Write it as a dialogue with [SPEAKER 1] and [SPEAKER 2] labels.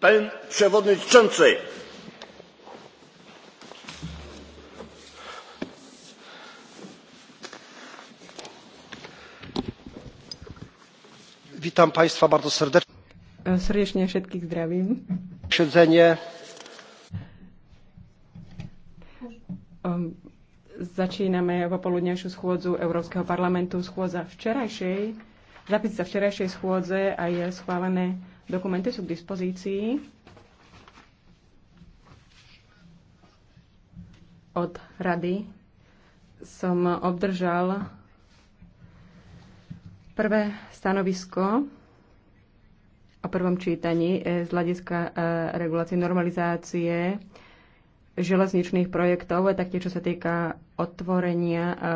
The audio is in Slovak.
[SPEAKER 1] Pán przewodniczący!
[SPEAKER 2] Witam Państwa bardzo serdecznie.
[SPEAKER 3] Serdecznie wszystkich zdravím.
[SPEAKER 2] Siedzenie.
[SPEAKER 4] Um, začíname popoludnejšiu schôdzu Európskeho parlamentu. Schôdza včerajšej sa včerajšej schôdze a je schválené dokumenty sú k dispozícii.
[SPEAKER 5] Od rady som obdržal prvé stanovisko o prvom čítaní e, z hľadiska e, regulácie normalizácie železničných projektov, e, taktiež čo sa týka otvorenia